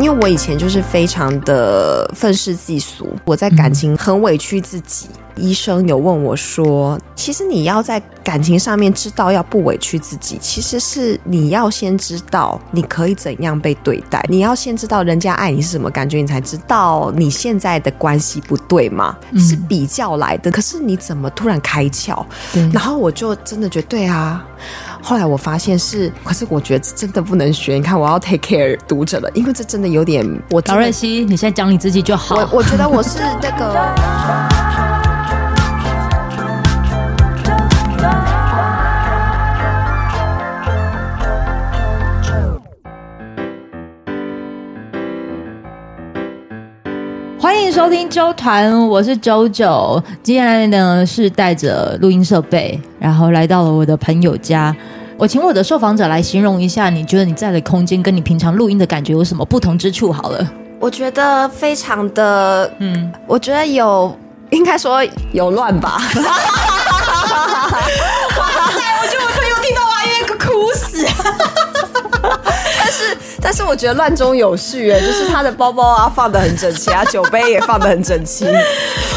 因為我以前就是非常的憤世嫉俗，我在感情很委屈自己。嗯。醫生有問我說：“其實你要在感情上面知道要不委屈自己，其實是你要先知道你可以怎樣被對待，你要先知道人家愛你是什麼感覺，你才知道你現在的關係不對嘛。嗯，是比較來的。可是你怎麼突然開竅？嗯。然後我就真的覺得對啊。”後來我發現是，可是我覺得真的不能學。你看，我要 take care 讀者了，因為這真的有點……我高瑞希，你先講你自己就好。我我覺得我是這、那個…… 歡迎收聽啾團，我是啾啾。接下來呢，是帶着錄音設備，然後來到了我的朋友家。我請我的受訪者來形容一下，你覺得你在的空間跟你平常錄音的感覺有什麼不同之處？好了，我覺得非常的，嗯，我覺得有，應該說有亂吧。 哇塞！我覺得我又有聽到還因為哭死。但是但是，但是我覺得亂中有序哎，就是他的包包啊放得很整齊 啊，酒杯也放得很整齊。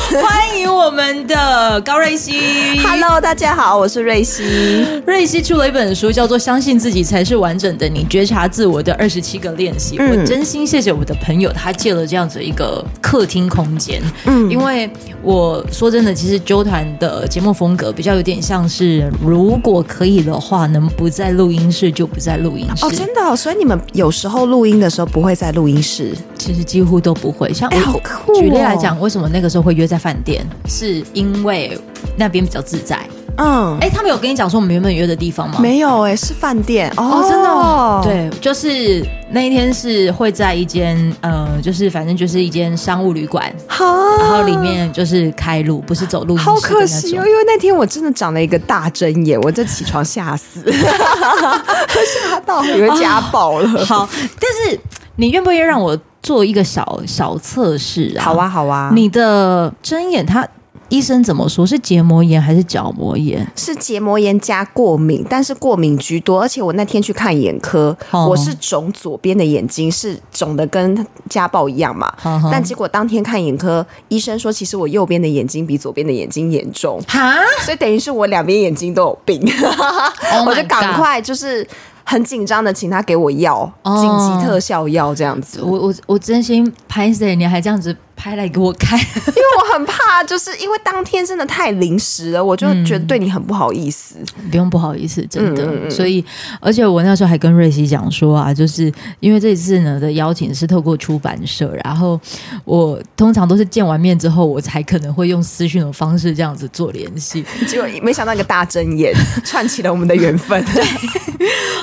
歡迎我們的高瑞希。Hello，大家好，我是瑞希。瑞希出了一本書，叫做《相信自己才是完整的你》，覺察自我的二十七個練習。嗯。我真心謝謝我的朋友，他借了這樣子一個客廳空間。嗯，因為我說真的，其實啾團的節目風格比較有點像是，如果可以的話，能不在錄音室就不在錄音室。哦，真的哦？，所以你們。們有時候錄音的時候不會在錄音室，其實幾乎都不會。像舉例、欸哦、來講，為什麼那個時候會約在飯店？是因為那邊比較自在。嗯，哎、欸，他們有跟你講說我們原本約的地方嗎？沒有、欸，哎，是飯店哦，哦，真的。哦，對，就是那一天是會在一間，呃，就是反正就是一間商務旅館。好，然後裡面就是開路，不是走路。好可惜哦，因為那天我真的長了一個大針眼，我在起床嚇死，嚇 到以為家暴了、哦。好，但是你願不願意讓我做一個小小測試啊？好啊，好啊。你的針眼它。醫生怎麼說？是結膜炎還是角膜炎？是結膜炎加過敏，但是過敏居多。而且我那天去看眼科，oh. 我是腫左邊的眼睛，是腫的跟家暴一樣嘛。Oh. 但結果當天看眼科，醫生說其實我右邊的眼睛比左邊的眼睛嚴重。哈、huh?，所以等於是我兩邊眼睛都有病， 我就趕快就是。很緊張的，請他給我藥，緊急特效藥這樣子。哦、我我我真心拍誰，你還這樣子拍來給我看， 因為我很怕，就是因為當天真的太臨時了，我就覺得對你很不好意思。嗯、不用不好意思，真的嗯嗯嗯。所以，而且我那時候還跟瑞希講說啊，就是因為這一次呢的邀請是透過出版社，然後我通常都是見完面之後，我才可能會用私訊的方式這樣子做聯繫。 結果沒想到一個大睜眼 串起了我們的緣分對。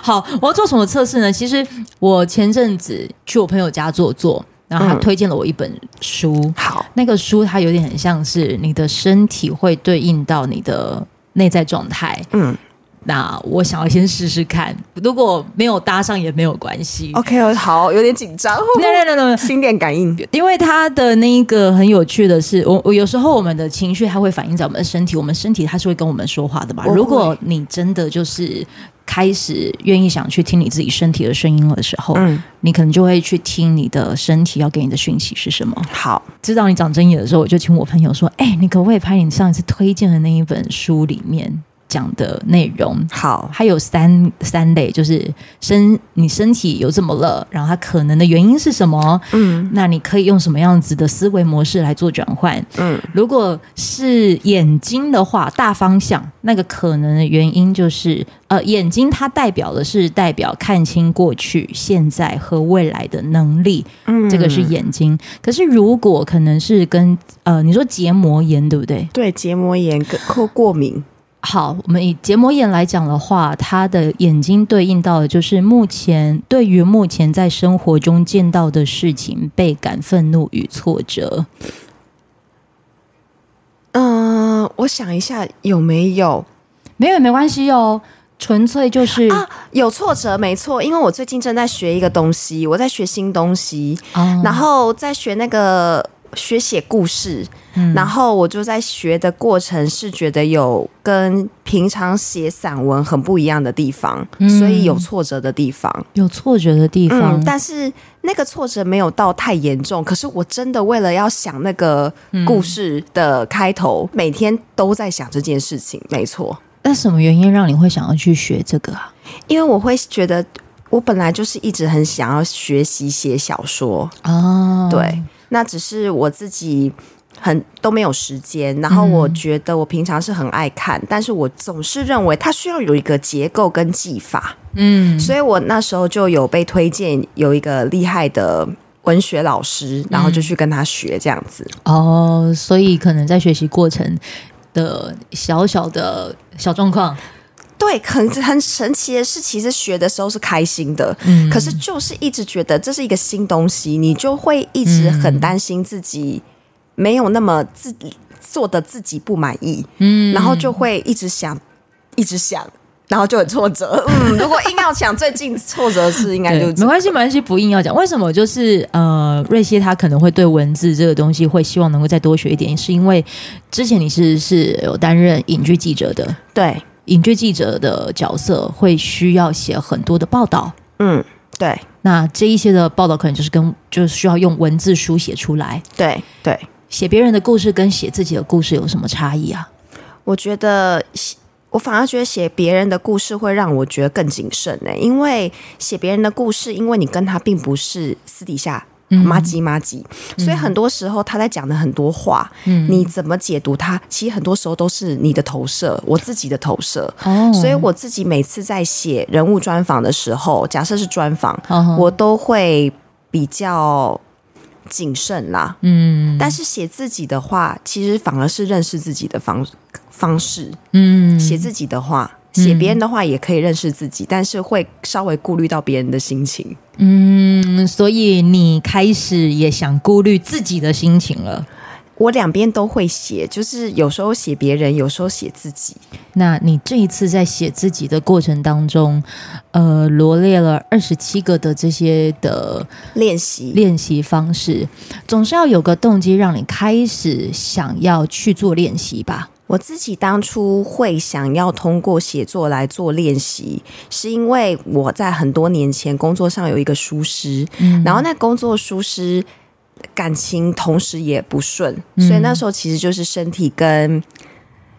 好。哦，我要做什麼測試呢？其實我前陣子去我朋友家坐坐，然後他推薦了我一本書。嗯，好，那個書它有點很像是你的身體會對應到你的內在狀態。嗯。那我想要先試試看，如果沒有搭上也沒有關係。OK，好，有點緊張。那那那，心電感應。因為他的那一個很有趣的是，我我有時候我們的情緒還會反映在我們的身體，我們身體它是會跟我們說話的嘛。如果你真的就是開始願意想去聽你自己身體的聲音的時候，嗯，你可能就會去聽你的身體要給你的訊息是什麼。好，知道你長針眼的時候，我就請我朋友說，哎、欸，你可不可以拍你上一次推薦的那一本書裡面？講的內容好，它有三三類，就是身你身體有怎麼了，然後它可能的原因是什麼？嗯，那你可以用什麼樣子的思維模式來做轉換？嗯，如果是眼睛的話，大方向那個可能的原因就是呃，眼睛它代表的是代表看清過去、現在和未來的能力。嗯，這個是眼睛。可是如果可能是跟呃，你說結膜炎對不對？對，結膜炎或過敏。好，我們以結膜炎來講的話，他的眼睛對應到的就是目前對於目前在生活中見到的事情，倍感憤怒與挫折。嗯、呃，我想一下有沒有，沒有沒關係哦，純粹就是、啊、有挫折沒錯，因為我最近正在學一個東西，我在學新東西，嗯、然後在學那個。學寫故事、嗯，然後我就在學的過程是覺得有跟平常寫散文很不一樣的地方，嗯、所以有挫折的地方，有挫折的地方、嗯。但是那個挫折沒有到太嚴重。可是我真的為了要想那個故事的開頭，嗯、每天都在想這件事情。沒錯。那什麼原因讓你會想要去學這個啊？因為我會覺得我本來就是一直很想要學習寫小說啊、哦，對。那只是我自己很都沒有時間，然後我覺得我平常是很愛看、嗯，但是我總是認為它需要有一個結構跟技法，嗯，所以我那時候就有被推薦有一個厲害的文學老師，然後就去跟他學這樣子。嗯、哦，所以可能在學習過程的小小的小狀況。對，很很神奇的是，其實學的時候是開心的，嗯，可是就是一直覺得這是一個新東西，你就會一直很擔心自己沒有那麼自己做的自己不滿意，嗯，然後就會一直想，一直想，然後就有挫折，嗯。如果硬要講最近挫折的事， 應該就沒關係，沒關係，不硬要講。為什麼？就是呃，瑞希他可能會對文字這個東西會希望能夠再多學一點，是因為之前你是是有擔任影劇記者的，對。影劇記者的角色會需要寫很多的報道，嗯，對。那這一些的報道可能就是跟就是需要用文字書寫出來，對對。寫別人的故事跟寫自己的故事有什麼差異啊？我覺得寫，我反而覺得寫別人的故事會讓我覺得更謹慎呢、欸，因為寫別人的故事，因為你跟他並不是私底下。嗯，麻吉麻吉。所以很多時候他在講的很多話，嗯，你怎麼解讀他？其實很多時候都是你的投射，我自己的投射。所以我自己每次在寫人物專訪的時候，假設是專訪，我都會比較謹慎啦。嗯，但是寫自己的話，其實反而是認識自己的方方式。嗯，寫自己的話。寫別人的話也可以認識自己，嗯，但是會稍微顧慮到別人的心情。嗯，所以你開始也想顧慮自己的心情了。我兩邊都會寫，就是有時候寫別人，有時候寫自己。那你這一次在寫自己的過程當中，呃，羅列了二十七個的這些的練習練習方式，總是要有個動機讓你開始想要去做練習吧。我自己當初會想要通過寫作來做練習，是因為我在很多年前工作上有一個疏失，嗯，然後那工作疏失，感情同時也不順，所以那時候其實就是身體跟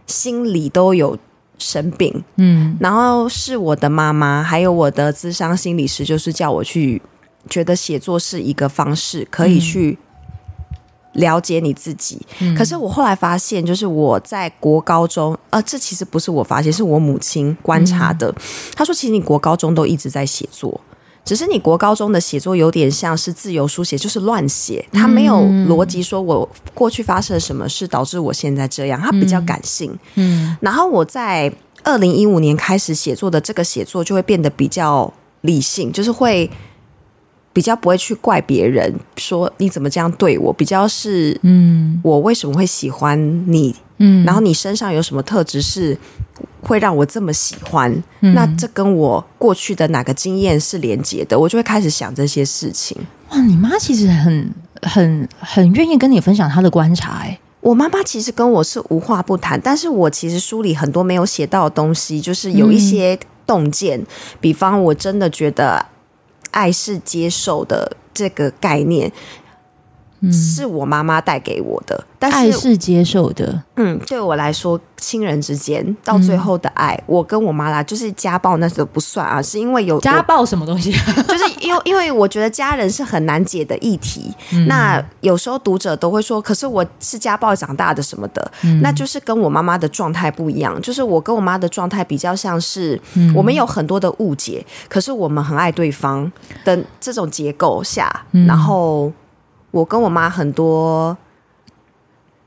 心理都有生病。嗯，然後是我的媽媽還有我的諮商心理師，就是叫我去覺得寫作是一個方式，可以去。了解你自己，可是我後來發現，就是我在國高中，呃，這其實不是我發現，是我母親觀察的。她說：“其實你國高中都一直在寫作，只是你國高中的寫作有點像是自由書寫，就是亂寫，他沒有邏輯。說我過去發生了什麼事導致我現在這樣，他比較感性。嗯，然後我在二零一五年開始寫作的這個寫作就會變得比較理性，就是會。”比較不會去怪別人，說你怎麼這樣對我？比較是，嗯，我為什麼會喜歡你？嗯，然後你身上有什麼特質是會讓我這麼喜歡？嗯，那這跟我過去的哪個經驗是連結的？我就會開始想這些事情。哇，你媽其實很、很、很願意跟你分享她的觀察。欸。哎，我媽媽其實跟我是無話不談，但是我其實書裡很多沒有寫到的東西，就是有一些洞見。比方，我真的覺得。愛是接受的這個概念。嗯、是我媽媽帶給我的，但是，愛是接受的。嗯，對我來說，親人之間到最後的愛，嗯、我跟我媽啦，就是家暴那都不算啊，是因為有家暴什麼東西、啊， 就是因為因為我覺得家人是很難解的議題、嗯。那有時候讀者都會說，可是我是家暴長大的什麼的，嗯、那就是跟我媽媽的狀態不一樣。就是我跟我媽的狀態比較像是、嗯、我們有很多的誤解，可是我們很愛對方的這種結構下，嗯、然後。我跟我媽很多，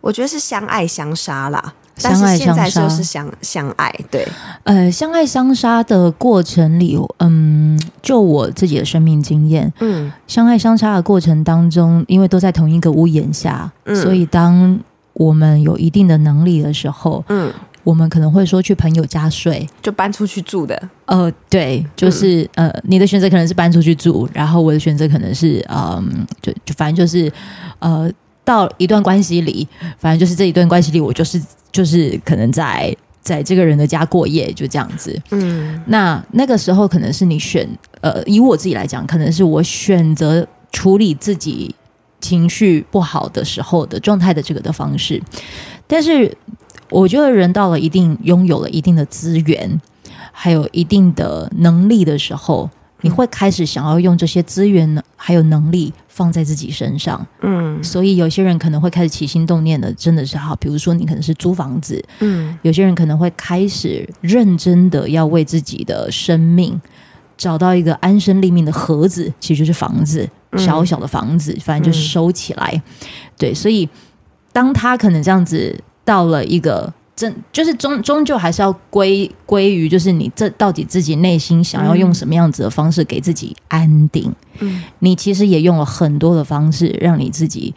我覺得是相愛相殺啦，相愛相殺，但是現在就是相相愛，對。呃，相愛相殺的過程裡，嗯，就我自己的生命經驗，嗯，相愛相殺的過程當中，因為都在同一個屋檐下，嗯，所以當我們有一定的能力的時候，嗯。我們可能會說去朋友家睡，就搬出去住的。呃，對，就是、嗯、呃，你的選擇可能是搬出去住，然後我的選擇可能是，嗯、呃，就就反正就是，呃，到一段關係裡，反正就是這一段關係裡，我就是就是可能在在這個人的家過夜，就這樣子。嗯，那那個時候可能是你選，呃，以我自己來講，可能是我選擇處理自己情緒不好的時候的狀態的這個的方式，但是。我覺得人到了一定擁有了一定的資源，還有一定的能力的時候，你會開始想要用這些資源還有能力放在自己身上。嗯，所以有些人可能會開始起心動念的，真的是好。比如說，你可能是租房子，嗯，有些人可能會開始認真的要為自己的生命找到一個安身立命的盒子，其實就是房子，小小的房子，反正就是收起來。嗯。對，所以當他可能這樣子。到了一個真，就是終終究還是要歸歸於，就是你這到底自己內心想要用什麼樣子的方式給自己安定？嗯，你其實也用了很多的方式，讓你自己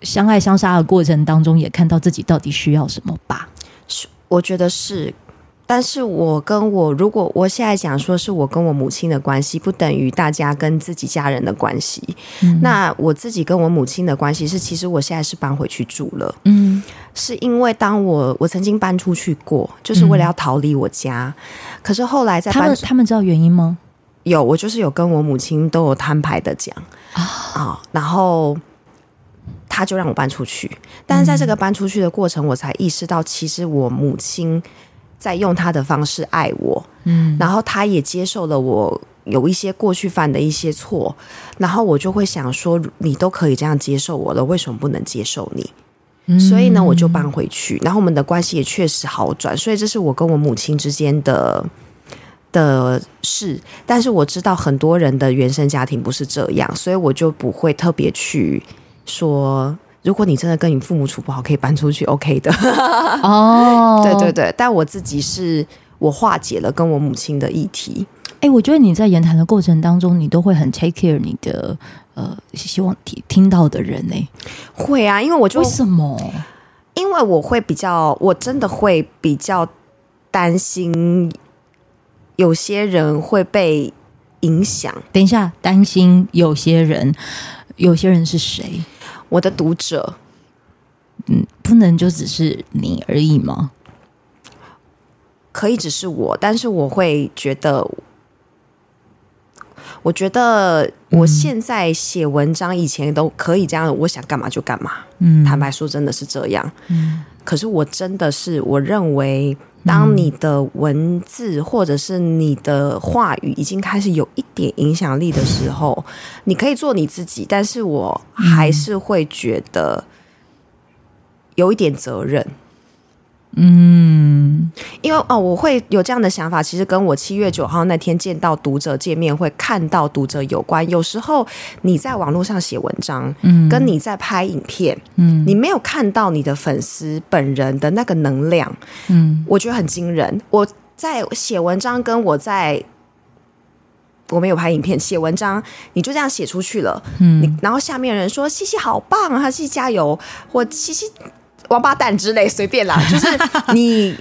相愛相殺的過程當中，也看到自己到底需要什麼吧？是，我覺得是。但是我跟我，如果我現在講說，是我跟我母親的關係，不等於大家跟自己家人的關係。嗯。那我自己跟我母親的關係是，其實我現在是搬回去住了。嗯，是因為當我我曾經搬出去過，就是為了要逃離我家。嗯。可是後來在搬他們，他們知道原因嗎？有，我就是有跟我母親都有攤牌的講啊。哦哦，然後他就讓我搬出去。但是在這個搬出去的過程，嗯、我才意識到，其實我母親。在用他的方式愛我，嗯，然後他也接受了我有一些過去犯的一些錯，然後我就會想說，你都可以這樣接受我了，為什麼不能接受你？所以呢，我就搬回去，然後我們的關係也確實好轉，所以這是我跟我母親之間的的事。但是我知道很多人的原生家庭不是這樣，所以我就不會特別去說。如果你真的跟你父母處不好，可以搬出去，OK 的。哦、 oh.，對對對，但我自己是我化解了跟我母親的議題。哎、欸，我覺得你在言談的過程當中，你都會很 take care 你的呃，希望聽聽到的人呢、欸？會啊，因為我就，為什麼？因為我會比較，我真的會比較擔心有些人會被影響。等一下，擔心有些人，有些人是誰？我的讀者，嗯，不能就只是你而已嗎？可以只是我，但是我會覺得。我覺得我現在寫文章，以前都可以這樣，嗯，我想幹嘛就幹嘛，嗯。坦白說，真的是這樣，嗯。可是我真的是，我認為，當你的文字或者是你的話語已經開始有一點影響力的時候，你可以做你自己，但是我還是會覺得有一點責任。嗯，因為哦，我會有這樣的想法，其實跟我七月九號那天見到讀者見面會看到讀者有關。有時候你在網絡上寫文章，嗯，跟你在拍影片，嗯，你沒有看到你的粉絲本人的那個能量，嗯，我覺得很驚人。我在寫文章，跟我在我沒有拍影片，寫文章你就這樣寫出去了，嗯，然後下面人說“西西好棒啊，西西加油”我“西西”，王八蛋之類，隨便啦，就是你，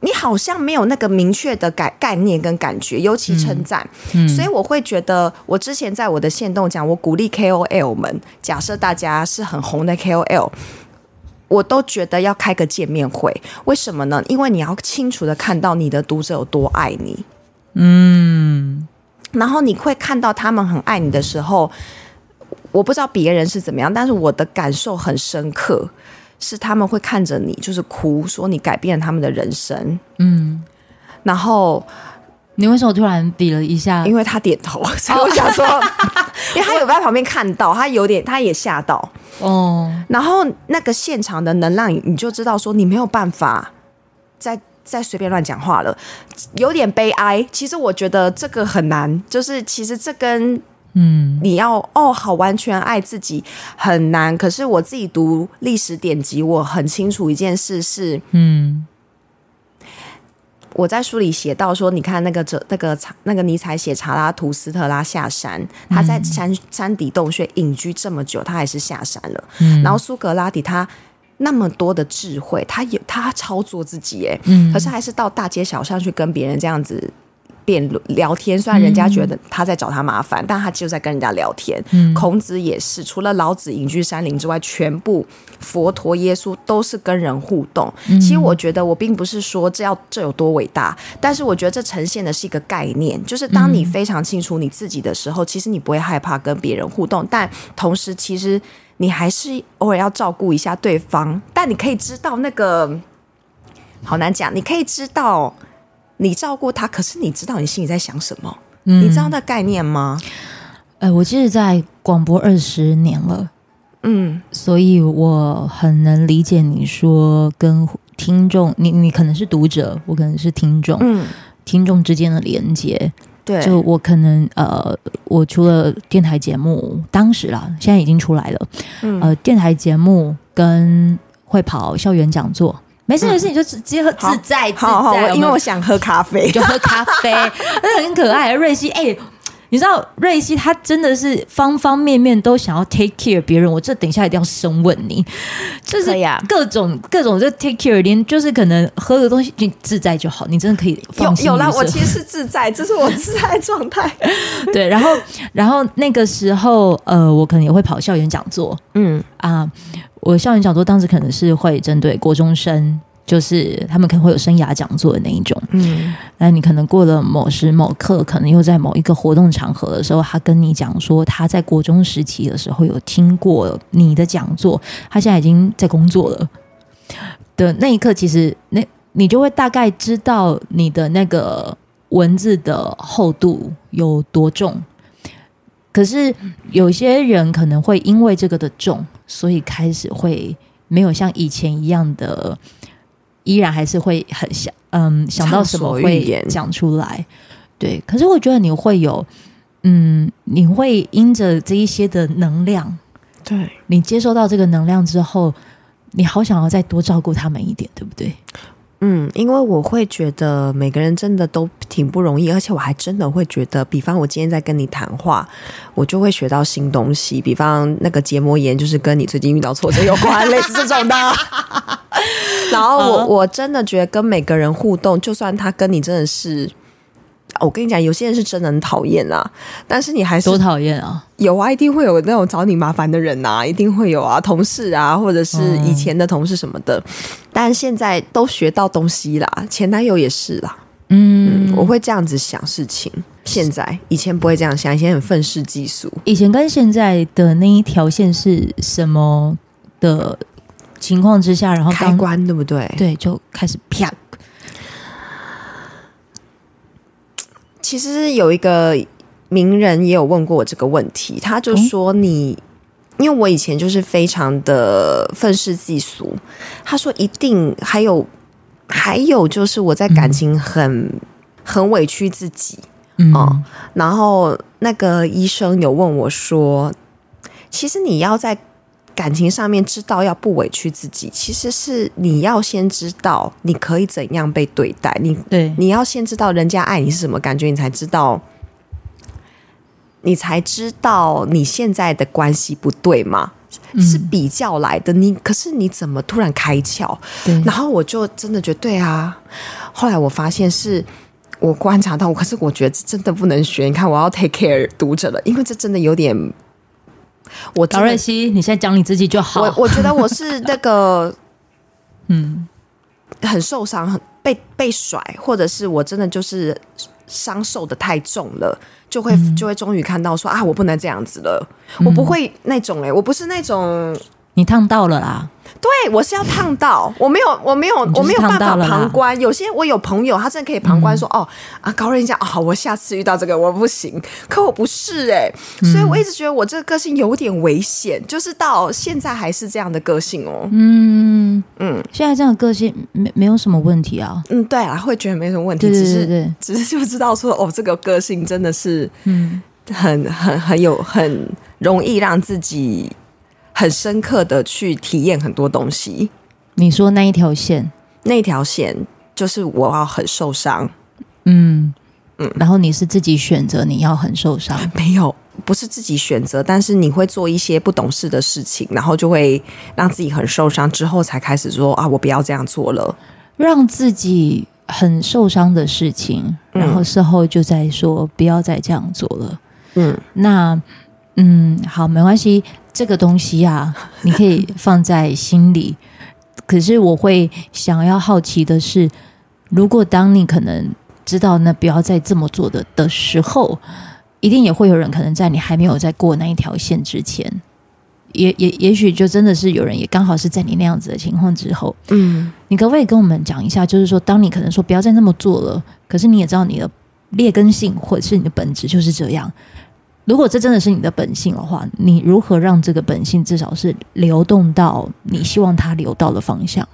你好像沒有那個明確的概念跟感覺，尤其稱讚、嗯嗯，所以我會覺得，我之前在我的限動講，我鼓勵 KOL 們，假設大家是很紅的 KOL，我都覺得要開個見面會，為什麼呢？因為你要清楚的看到你的讀者有多愛你，嗯，然後你會看到他們很愛你的時候，我不知道別人是怎麼樣，但是我的感受很深刻。是他們會看着你，就是哭，說你改變了他們的人生。嗯，然後你為什麼突然比了一下？因為他點頭，所以我想說， 因為他有沒有在旁邊看到，他有點，他也嚇到。哦，然後那個現場的能量，你就知道說你沒有辦法再再隨便亂講話了，有點悲哀。其實我覺得這個很難，就是其實這跟。嗯，你要哦，好，完全愛自己很難，可是我自己讀歷史典籍，我很清楚一件事是，嗯，我在書裡寫到說，你看那個哲，那個、那個、那個尼采寫查拉圖斯特拉下山，嗯、他在山山底洞穴隱居這麼久，他還是下山了。嗯、然後蘇格拉底他那麼多的智慧，他有，他操作自己，哎、嗯，可是還是到大街小巷去跟別人這樣子。變聊天，雖然人家覺得他在找他麻煩、嗯，但他就在跟人家聊天，嗯。孔子也是，除了老子隱居山林之外，全部佛陀、耶穌都是跟人互動。嗯、其實我覺得，我並不是說這要這有多偉大，但是我覺得這呈現的是一個概念，就是當你非常清楚你自己的時候，其實你不會害怕跟別人互動，但同時其實你還是偶爾要照顧一下對方。但你可以知道那個好難講，你可以知道。你照顧他，可是你知道你心裡在想什麼？嗯，你知道那概念嗎？呃，我其實在廣播二十年了，嗯，所以我很能理解你說跟聽眾，你你可能是讀者，我可能是聽眾，嗯，聽眾之間的連接，對，就我可能呃，我除了電台節目，當時啦，現在已經出來了，嗯，呃，電台節目跟會跑校園講座。沒事沒事、嗯，你就直接喝，自在好好，自在好好好好，因為我想喝咖啡， 就喝咖啡， 很可愛、啊。瑞希，哎、欸。你知道瑞希她真的是方方面面都想要 take care 別人，我這等一下一定要深問你，就是各種、哎、各種各種就 take care，連就是可能喝的東西，你自在就好，你真的可以放心有有啦，是是，我其實是自在，這是我自在狀態。 對，然後然後那個時候呃，我可能也會跑校園講座，嗯啊、呃，我校園講座當時可能是會針對國中生。就是他們可能會有生涯講座的那一種，嗯，那你可能過了某時某刻，可能又在某一個活動場合的時候，他跟你講說他在國中時期的時候有聽過你的講座，他現在已經在工作了。對，那一刻，其實那你就會大概知道你的那個文字的厚度有多重。可是有些人可能會因為這個的重，所以開始會沒有像以前一樣的。依然還是會很想，嗯，想到什麼會講出來，對。可是我覺得你會有，嗯，你會因着這一些的能量，對，你接收到這個能量之後，你好想要再多照顧他們一點，對不對？嗯，因為我會覺得每個人真的都挺不容易，而且我還真的會覺得，比方我今天在跟你談話，我就會學到新東西，比方那個結膜炎就是跟你最近遇到挫折有關， 類似這種的。 然後我、嗯、我真的覺得跟每個人互動，就算他跟你真的是。我跟你講，有些人是真的很討厭啦，但是你還是多討厭啊，有啊，一定會有那種找你麻煩的人吶、啊，一定會有啊，同事啊，或者是以前的同事什麼的、嗯，但現在都學到東西啦，前男友也是啦，嗯，我會這樣子想事情，現在。以前不會這樣想，以前很憤世嫉俗，以前跟現在的那一條線是什麼的情況之下，然後開關對不對？對，就開始啪。啪其實有一個名人也有問過我這個問題，他就說你，嗯、因為我以前就是非常的憤世嫉俗，他說一定還有還有就是我在感情很、嗯、很委屈自己嗯，嗯，然後那個醫生有問我說，其實你要在。感情上面知道要不委屈自己，其實是你要先知道你可以怎樣被對待。你對，你要先知道人家愛你是什麼感覺，你才知道，你才知道你現在的關係不對嗎？嗯、是比較來的。你可是你怎麼突然開竅？然後我就真的覺得對啊。後來我發現是我觀察到，可是我覺得這真的不能學。你看，我要 take care 讀者了，因為這真的有點。我高瑞希，你現在講你自己就好。我我覺得我是那個，嗯，很受傷，很被被甩，或者是我真的就是傷受得太重了，就會就會終於看到說、嗯、啊，我不能這樣子了，嗯、我不會那種哎、欸，我不是那種。你燙到了啦，對！對我是要燙到，我沒有，我沒有，我沒有辦法旁觀。有些我有朋友，他真的可以旁觀說：“嗯、哦啊，高瑞希講，好、哦，我下次遇到這個我不行。”可我不是哎、欸，所以我一直覺得我這個個性有點危險，嗯、就是到現在還是這樣的個性哦。嗯嗯，現在這樣的個性沒沒有什麼問題啊。嗯，對啊，會覺得沒什麼問題，對對對對，只是只是，就知道說，哦，這個個性真的是很嗯很，很很很有很容易讓自己。很深刻的去體驗很多東西。你說那一條線，那條線就是我要很受傷。嗯嗯，然後你是自己選擇你要很受傷？沒有，不是自己選擇，但是你會做一些不懂事的事情，然後就會讓自己很受傷，之後才開始說啊，我不要這樣做了。讓自己很受傷的事情，然後事後就在說不要再這樣做了。嗯，那。嗯，好，沒關係。這個東西啊，你可以放在心裡。 可是我會想要好奇的是，如果當你可能知道那不要再這麼做的的時候，一定也會有人可能在你還沒有在過那一條線之前，也也也許就真的是有人也剛好是在你那樣子的情況之後。嗯，你可不可以跟我們講一下？就是說，當你可能說不要再那麼做了，可是你也知道你的劣根性或者是你的本質就是這樣。如果這真的是你的本性的話，你如何讓這個本性至少是流動到你希望它流到的方向？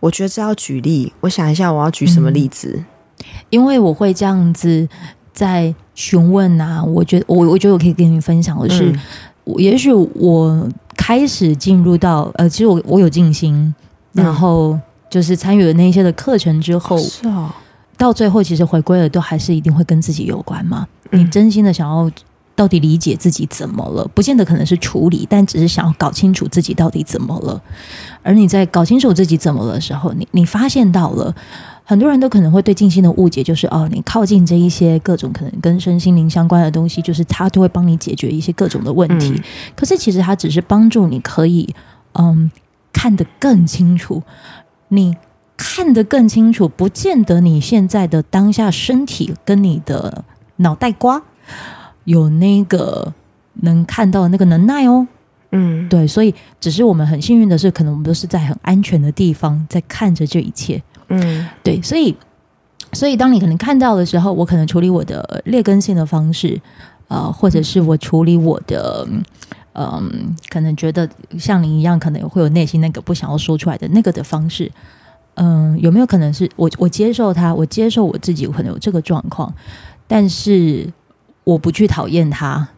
我覺得這要舉例，我想一下我要舉什麼例子。嗯、因為我會這樣子在詢問啊，我覺得我我覺得我可以跟你分享的是，嗯、也許我開始進入到呃，其實我我有靜心、嗯嗯，然後就是參與了那一些的課程之後，是啊、哦，到最後其實回歸了，都還是一定會跟自己有關嘛、嗯？你真心的想要。到底理解自己怎麼了？不見得可能是處理，但只是想要搞清楚自己到底怎麼了。而你在搞清楚自己怎麼了的時候，你你發現到了，很多人都可能會對靜心的誤解就是哦，你靠近這一些各種可能跟身心靈相關的東西，就是他都會幫你解決一些各種的問題。嗯、可是其實他只是幫助你可以嗯看得更清楚，你看得更清楚，不見得你現在的當下身體跟你的腦袋瓜，有那個能看到的那個能耐，哦，嗯，對，所以只是我們很幸運的是，可能我們都是在很安全的地方在看着這一切，嗯，對，所以，所以當你可能看到的時候，我可能處理我的劣根性的方式，呃，或者是我處理我的，嗯、呃，可能覺得像您一樣，可能會有內心那個不想要說出來的那個的方式，嗯、呃，有沒有可能是我我接受他，我接受我自己我可能有這個狀況，但是。我不去討厭他，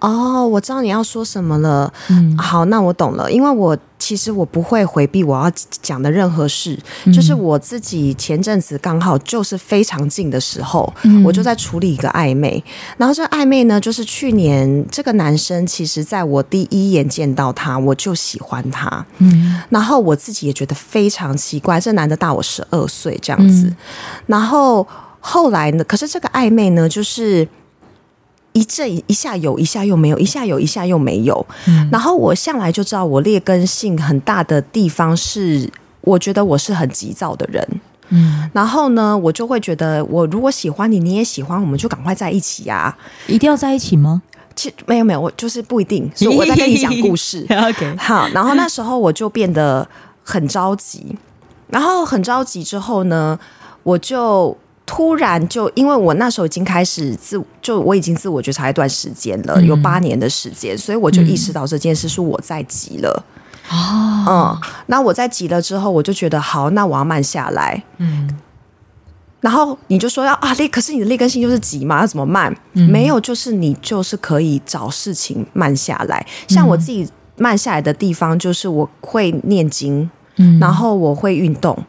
哦，我知道你要說什麼了。嗯，好，那我懂了，因為我其實我不會回避我要講的任何事，嗯，就是我自己前陣子剛好就是非常近的時候，嗯、我就在處理一個曖昧。然後這曖昧呢，就是去年這個男生，其實在我第一眼見到他，我就喜歡他。嗯，然後我自己也覺得非常奇怪，這男的大我十二歲這樣子，嗯。然後後來呢，可是這個曖昧呢，就是。一陣一下有，一下又沒有，一下有一下又沒有。嗯，然後我向來就知道我劣根性很大的地方是，我覺得我是很急躁的人。嗯，然後呢，我就會覺得，我如果喜歡你，你也喜歡，我們就趕快在一起呀、啊！一定要在一起嗎？其，沒有沒有，我就是不一定。所以我在跟你講故事。OK。 好，然後那時候我就變得很着急，然後很着急之後呢，我就。突然就，因為我那時候已經開始自，就我已經自我覺察一段時間了，嗯、有八年的時間，所以我就意識到這件事是我在急了。哦、嗯，嗯，那我在急了之後，我就覺得好，那我要慢下來。嗯，然後你就說要啊，那可是你的劣根性就是急嘛，要怎麼慢？嗯、沒有，就是你就是可以找事情慢下來。像我自己慢下來的地方，就是我會念經，嗯、然後我會運動。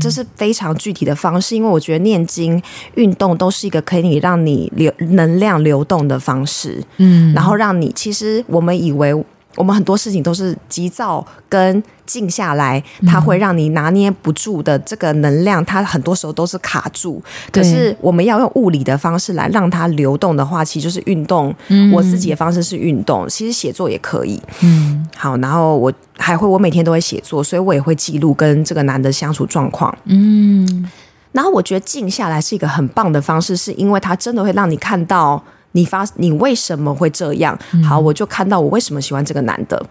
這是非常具體的方式，因為我覺得念經、運動都是一個可以讓你流能量流動的方式，嗯，然後讓你，其實我們以為。我們很多事情都是急躁、跟靜下來，它會讓你拿捏不住的這個能量，它很多時候都是卡住。可是我們要用物理的方式來讓它流動的話，其實就是運動。我自己的方式是運動，其實寫作也可以。嗯，好，然後我還會，我每天都會寫作，所以我也會記錄跟這個男的相處狀況。嗯，然後我覺得靜下來是一個很棒的方式，是因為它真的會讓你看到。你發，你為什麼會這樣？好，我就看到我為什麼喜歡這個男的。嗯、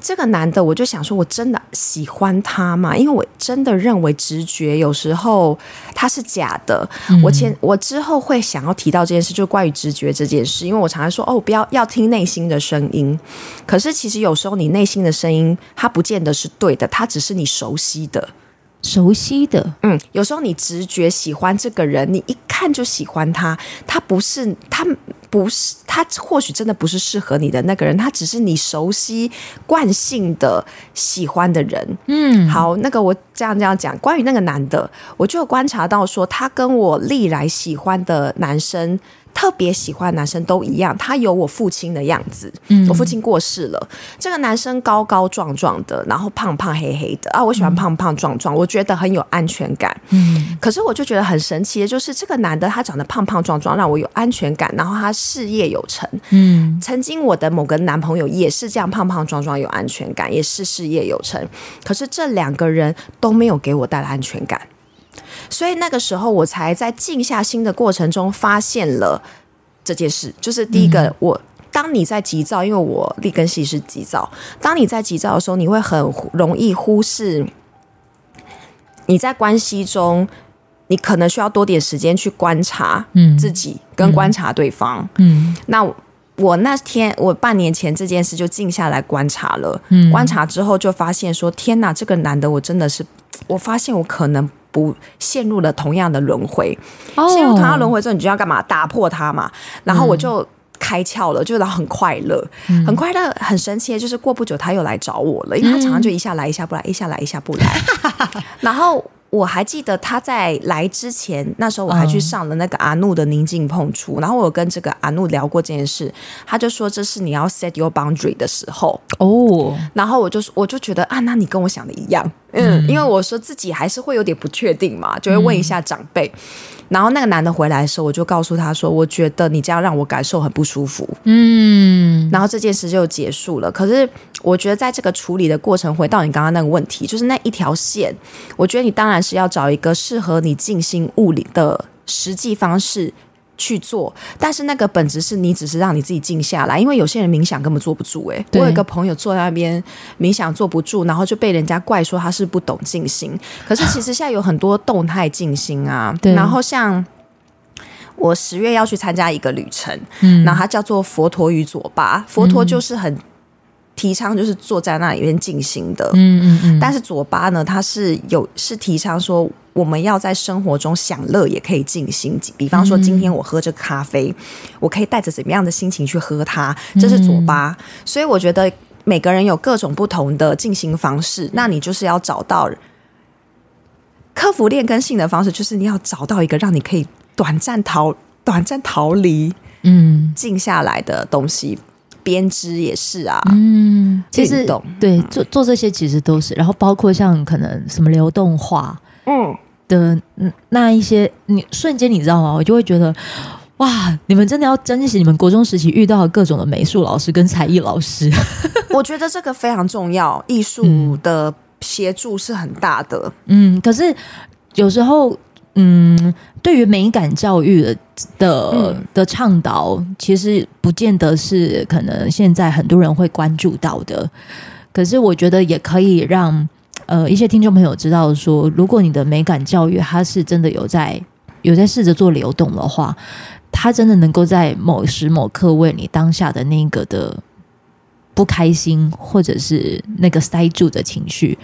這個男的，我就想說，我真的喜歡他嗎？因為我真的認為直覺有時候他是假的。嗯、我前我之後會想要提到這件事，就關於直覺這件事。因為我常常說，哦，不要要聽內心的聲音。可是其實有時候你內心的聲音，它不見得是對的，它只是你熟悉的。熟悉的，嗯，有時候你直覺喜歡這個人，你一看就喜歡他，他不是，他不是，他或許真的不是適合你的那個人，他只是你熟悉慣性的喜歡的人。嗯，好，那個我這樣這樣講，關於那個男的，我就有觀察到說，他跟我歷來喜歡的男生，特別喜歡男生都一樣，他有我父親的樣子。嗯，我父親過世了。這個男生高高壯壯的，然後胖胖黑黑的啊，我喜歡胖胖壯壯，我覺得很有安全感。嗯，可是我就覺得很神奇的，的就是這個男的他長得胖胖壯壯，讓我有安全感，然後他事業有成。嗯，曾經我的某個男朋友也是這樣胖胖壯壯有安全感，也是事業有成，可是這兩個人都沒有給我帶來安全感。所以那個時候，我才在靜下心的過程中發現了這件事。就是第一個，嗯、我當你在急躁，因為我劣根性是急躁。當你在急躁的時候，你會很容易忽視你在關係中，你可能需要多點時間去觀察自己跟觀察對方。嗯、那我那天我半年前這件事就靜下來觀察了、嗯。觀察之後就發現說，天哪，這個男的，我真的是，我發現我可能。陷入了同樣的輪回，oh. 陷入同樣輪回之後，你就要幹嘛？打破它嘛。然後我就開竅了，mm. 就然後很快樂，很快樂，很神奇。就是過不久他又來找我了，因為他常常就一下來一下不來，一下來一下不來。 然後。我還記得他在來之前，那時候我還去上了那個阿怒的寧靜碰觸，嗯，然後我有跟這個阿怒聊過這件事，他就說這是你要 set your boundary 的時候哦，然後我就我就覺得啊，那你跟我想的一樣，嗯，嗯，因為我說自己還是會有點不確定嘛，就會問一下長輩，嗯，然後那個男的回來的時候，我就告訴他說，我覺得你這樣讓我感受很不舒服，嗯，然後這件事就結束了，可是。我覺得在這個處理的過程，回到你剛剛那個問題，就是那一條線。我覺得你當然是要找一個適合你靜心物理的實際方式去做，但是那個本質是你只是讓你自己靜下來。因為有些人冥想根本坐不住、欸，哎，我有一個朋友坐在那邊冥想坐不住，然後就被人家怪說他是不懂靜心。可是其實現在有很多動態靜心啊，對，然後像我十月要去參加一個旅程，嗯，那它叫做佛陀與左巴，佛陀就是很。提倡，就是坐在那裡面進行的，嗯嗯嗯。但是左巴呢，他是有是提倡說，我們要在生活中享樂也可以進行。比方說，今天我喝著咖啡，我可以帶着怎麼樣的心情去喝它，這是左巴，嗯。所以我覺得每個人有各種不同的進行方式，那你就是要找到克服劣根性的方式，就是你要找到一個讓你可以短暫逃、短暫逃離、嗯，靜下來的東西。編織也是啊，嗯，其實對做做這些其實都是、嗯，然後包括像可能什麼流動畫，嗯，的那一些，你瞬間你知道嗎？我就會覺得哇，你們真的要珍惜你們國中時期遇到的各種的美術老師跟才藝老師，我覺得這個非常重要，藝術的協助是很大的，嗯，嗯，可是有時候嗯。對於美感教育的的，的倡導、嗯，其實不見得是可能現在很多人會關注到的。可是我覺得也可以讓呃一些聽眾朋友知道說，說如果你的美感教育它是真的有在有在試着做流動的話，它真的能夠在某時某刻為你當下的那個的不開心，或者是那個塞住的情緒。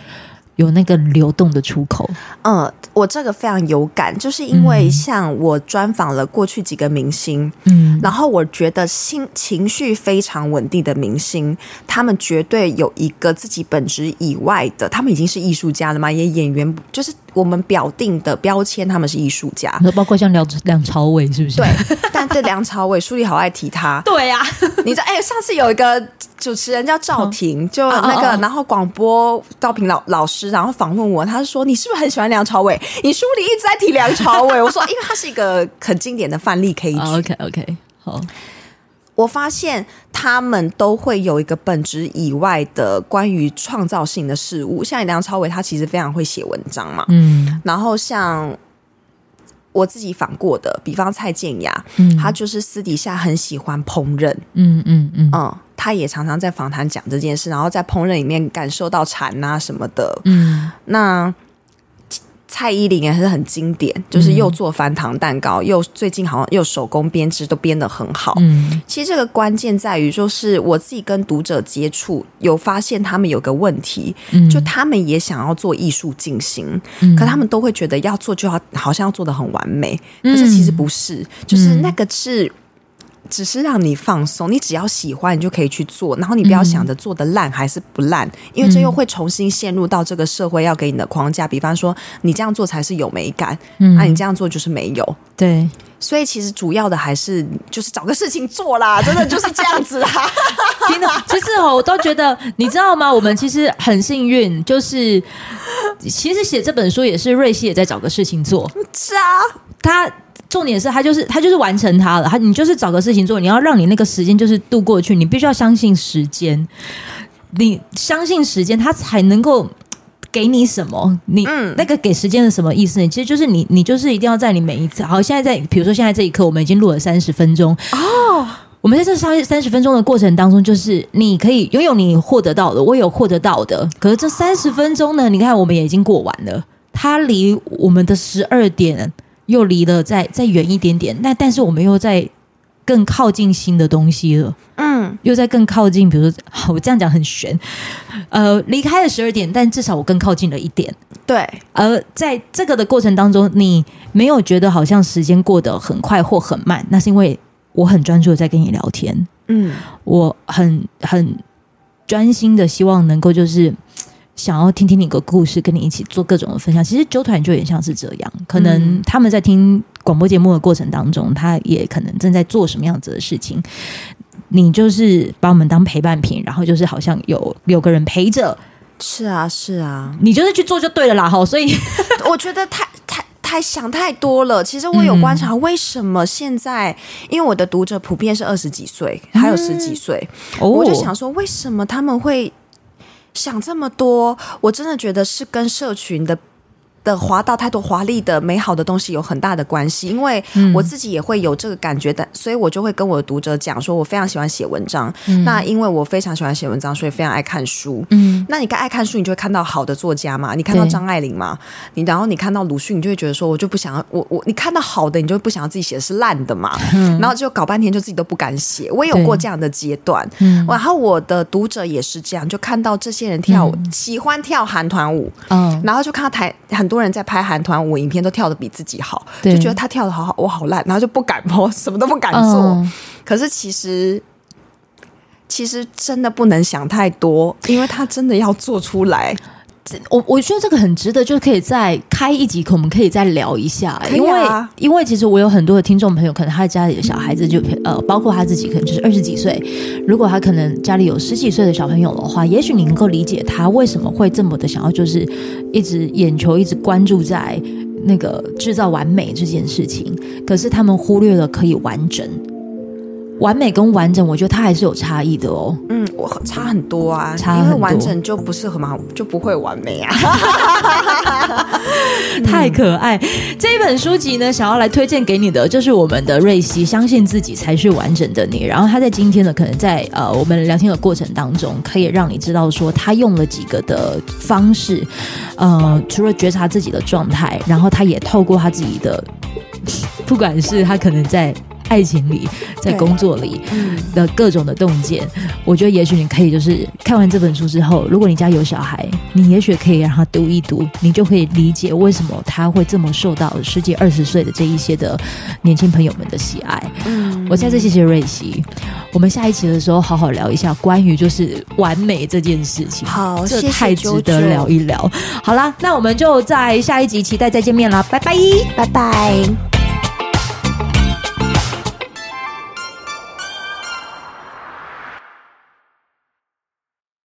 有那個流動的出口。嗯，我這個非常有感，就是因為像我專訪了過去幾個明星，嗯，然後我覺得心情緒非常穩定的明星，他們絕對有一個自己本質以外的，他們已經是藝術家了嘛，也演員就是。我們表定的標籤，他們是藝術家，那包括像梁梁朝偉是不是？對，但這梁朝偉書裡好愛提他。對呀，你知道？哎、欸，上次有一個主持人叫趙婷、哦，就那個，哦、然後廣播趙婷老老師，然後訪問我，他說：“你是不是很喜歡梁朝偉？你書裡一直在提梁朝偉？ ”我說：“因為他是一個很經典的範例可以。哦” OK OK 好。我發現他們都會有一個本職以外的關於創造性的事物，像梁朝偉他其實非常會寫文章嘛，嗯，然後像我自己訪過的，比方蔡健雅，嗯，他就是私底下很喜歡烹飪，嗯嗯嗯，嗯，他也常常在訪談講這件事，然後在烹飪裡面感受到禪啊什麼的，嗯，那。蔡依林也是很經典，就是又做翻糖蛋糕，又最近好像又手工編織，都編得很好，嗯。其實這個關鍵在於，就是我自己跟讀者接觸，有發現他們有個問題，嗯、就他們也想要做藝術進行，嗯、可他們都會覺得要做就要好像要做的很完美，可是其實不是，就是那個是。只是讓你放鬆，你只要喜歡，你就可以去做。然後你不要想着做的爛還是不爛，嗯，因為這又會重新陷入到這個社會要給你的框架。嗯、比方說，你這樣做才是有美感，那、嗯啊、你這樣做就是沒有。對，所以其實主要的還是就是找個事情做啦，真的就是這樣子啦。真 的，其實、喔、我都覺得，你知道嗎？我們其實很幸運，就是其實寫這本書也是瑞希也在找個事情做。是啊，他。重點是，他就是他就是完成他了。他你就是找個事情做，你要讓你那個時間就是度過去。你必須要相信時間，你相信時間，他才能夠給你什麼？你、嗯、那個給時間是什麼意思呢？其實就是你，你就是一定要在你每一次。好，現在在比如說現在這一刻，我們已經錄了三十分鐘哦。我們在這三三十分鐘的過程當中，就是你可以擁有你獲得到的，我有獲得到的。可是這三十分鐘呢？你看，我們也已經過完了，它離我們的十二點。又離了再再遠一點點，那但是我們又在更靠近新的東西了，嗯，又在更靠近，比如說，我這樣講很玄，呃，離開了十二點，但至少我更靠近了一點，對，而、呃、在這個的過程當中，你沒有覺得好像時間過得很快或很慢，那是因為我很專注在跟你聊天，嗯，我很很專心的希望能夠就是。想要聽聽你的故事，跟你一起做各種的分享。其實，啾團就有點像是這樣，可能他們在聽廣播節目的過程當中，他也可能正在做什麼樣子的事情。你就是把我們當陪伴品，然後就是好像有有個人陪着。是啊，是啊，你就是去做就對了啦。哈，所以我覺得太太太想太多了。其實我有觀察，為什麼現在、嗯，因為我的讀者普遍是二十幾歲，還有十幾歲、嗯哦，我就想說，為什麼他們會？想這麼多，我真的覺得是跟社群的。的滑到太多華麗的美好的東西有很大的關係，因為我自己也會有這個感覺的，嗯、所以我就會跟我的讀者講說，我非常喜歡寫文章、嗯。那因為我非常喜歡寫文章，所以非常愛看書。嗯，那你該愛看書，你就會看到好的作家嘛？嗯、你看到張愛玲嘛？你然後你看到魯迅，你就會覺得說我就不想要我我你看到好的，你就不想要自己寫的是爛的嘛、嗯？然後就搞半天，就自己都不敢寫。我也有過這樣的階段、嗯。然後我的讀者也是這樣，就看到這些人跳舞、嗯，喜歡跳韓團舞，嗯、哦，然後就看到台很。很多人在拍韓團舞影片，都跳得比自己好，就覺得他跳得好好，我好爛，然後就不敢播，什麼都不敢做。哦。可是其實，其實真的不能想太多，因為他真的要做出來。 我我覺得這個很值得，就是可以再開一集，我們可以再聊一下。因為因為其實我有很多的聽眾朋友，可能他的家裡的小孩子就呃，包括他自己，可能就是二十幾歲。如果他可能家裡有十幾歲的小朋友的話，也許你能夠理解他為什麼會這麼的想要，就是一直眼球一直關注在那個製造完美這件事情，可是他們忽略了可以完整。完美跟完整，我覺得它還是有差異的哦。嗯我，差很多啊，差很多，因為完整就不是很好，就不會完美啊。 太可愛、嗯！這一本書籍呢，想要來推薦給你的就是我們的瑞希，相信自己才是完整的你。然後他在今天呢，可能在呃我們聊天的過程當中，可以讓你知道說他用了幾個的方式，呃，除了覺察自己的狀態，然後他也透過他自己的，不管是他可能在。 在愛情裡，在工作裡的各種的洞見。嗯，我覺得也許你可以就是看完這本書之後，如果你家有小孩，你也許可以讓他讀一讀，你就可以理解為什麼他會這麼受到十幾、二十歲的這一些的年輕朋友們的喜愛。嗯，我再次謝謝瑞希，我們下一期的時候好好聊一下關於就是完美這件事情。好，謝謝九九，這太值得聊一聊。好啦，那我們就在下一集期待再見面啦。拜拜，拜拜。